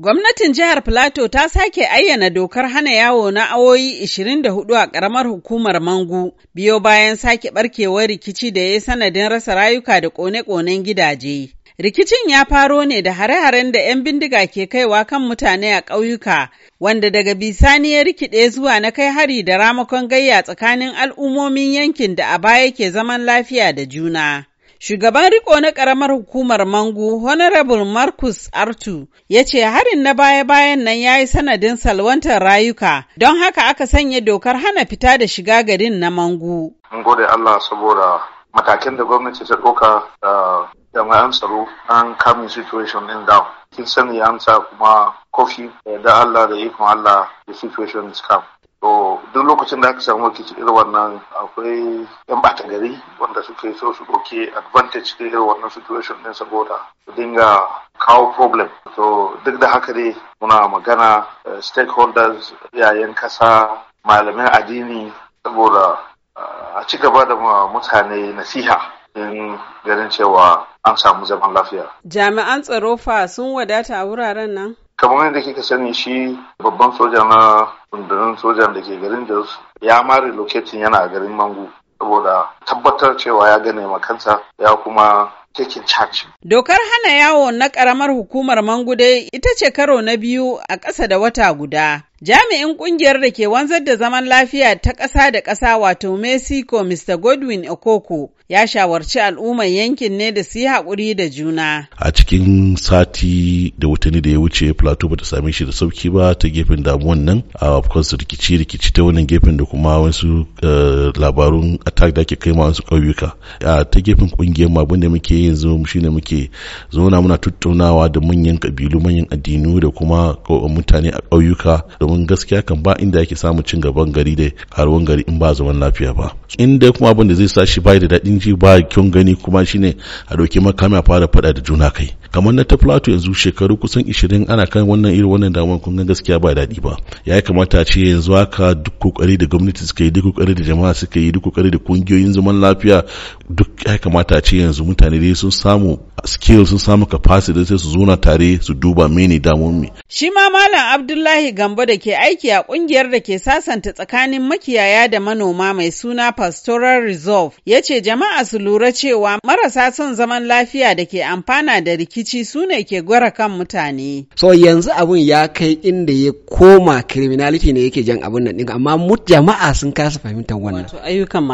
Gwamnatin jihar Filato ta sake ayyana dokar hana yawo na awoyi 24 a ƙaramar hukumar Mangu, biyo bayan sake ɓarkewar rikici da ya yi sanadin rasa rayuka da kone-konen gidaje. Rikicin ya faro ne da hare-haren da 'yan bindiga ke kaiwa kan mutane a ƙauyuka, wanda daga bisani ya rikide zuwa na kai hari da ramakon gayya tsakanin al'ummomin yankin da a baya ke zaman lafiya da juna. Shugaban riko na ƙaramar hukumar Mangu, Honorable Marcus Artu, ya ce harin na baya-bayan nan ya yi sanadin salwantar rayuka, don haka aka sanya dokar hana fita da shiga garin na Mangu. An gode Allah saboda matakin da gwamnati ta ɗauka da jama'an tsaro an kamin situation in down. Kin sani amsa kuma kofi da Allah da ikon Allah da situation is calm. to duk lokacin da aka samu rikici irin wannan akwai yan bata gari wanda suke so su ɗauki advantage da irin wannan situation din saboda su dinga kawo problem to duk da haka dai muna magana eh, stakeholders yayin kasa malamin addini saboda eh, a ci gaba da mutane nasiha in ganin cewa an samu zaman lafiya. Jami'an tsaro fa sun wadata a wuraren nan? kamar yadda kika sani shi babban soja na rundunar soja da ke garin jos ya ma lokacin yana a garin mangu saboda tabbatar cewa ya gane makansa ya kuma taking charge. Dokar hana yawo na karamar hukumar Mangude ita ce karo na biyu a ƙasa da wata guda. Jami'in kungiyar da ke wanzar da zaman lafiya ta ƙasa da ƙasa wato Mexico Mr. Godwin Okoko ya shawarci al'ummar yankin ne da su yi haƙuri da juna. A cikin sati da watanni da ya wuce Plateau bata same shi da sauki ba ta gefen damuwan nan a su rikici rikici ta wannan gefen da kuma wasu eh, labarun attack da ake kai ma wasu ƙauyuka. ta gefen kungiyar ma da muke yanzu ne muke zauna muna tattaunawa da manyan kabilu manyan addinu da kuma mutane a ƙauyuka domin gaskiya kan ba inda yake samun cin gaban gari dai karuwan gari in ba zaman lafiya ba in dai kuma abin da zai sa shi ba da daɗin ji ba kyon gani kuma shine a ɗauki makami a fara faɗa da juna kai kamar na ta plato yanzu shekaru kusan 20 ana kan wannan irin wannan damar kun ga gaskiya ba daɗi ba ya kamata ce yanzu haka duk kokari da gwamnati suka yi duk kokari da jama'a suka yi duk kokari da kungiyoyin zaman lafiya duk ya kamata ce yanzu mutane dai sun samu skill sun samu capacity sai su zuna tare su duba mini damun mi. Shi ma Malam Abdullahi Gambo da ke aiki a kungiyar da ke sasanta tsakanin makiyaya da manoma mai suna Pastoral Resolve ya ce jama'a su lura cewa marasa son zaman lafiya da ke amfana da rikici su ne ke gwara kan mutane. So yanzu abun ya kai inda ya koma criminality ne yake jan abun nan amma jama'a sun kasa fahimtar wannan. Ayyukan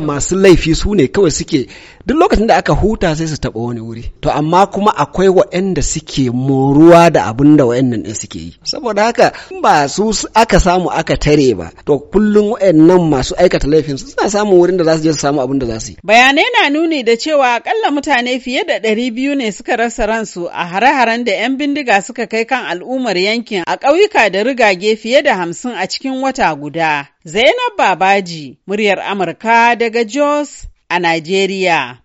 masu laifi su ne kawai suke duk lokacin da aka huta sai su taɓa wani wuri to amma kuma akwai waɗanda suke moruwa da abin da waɗannan ɗin suke yi saboda haka ba su aka samu aka tare ba to kullum waɗannan masu aikata laifin su suna samun wurin da za su je su samu abin da za su yi bayanai na nuni da cewa akalla mutane fiye da ɗari biyu ne suka rasa ransu a hare-haren da 'yan bindiga suka kai kan al'ummar yankin a ƙauyuka da rigage fiye da hamsin a cikin wata guda Zainab Babaji, muryar Amurka daga Jos a Nigeria.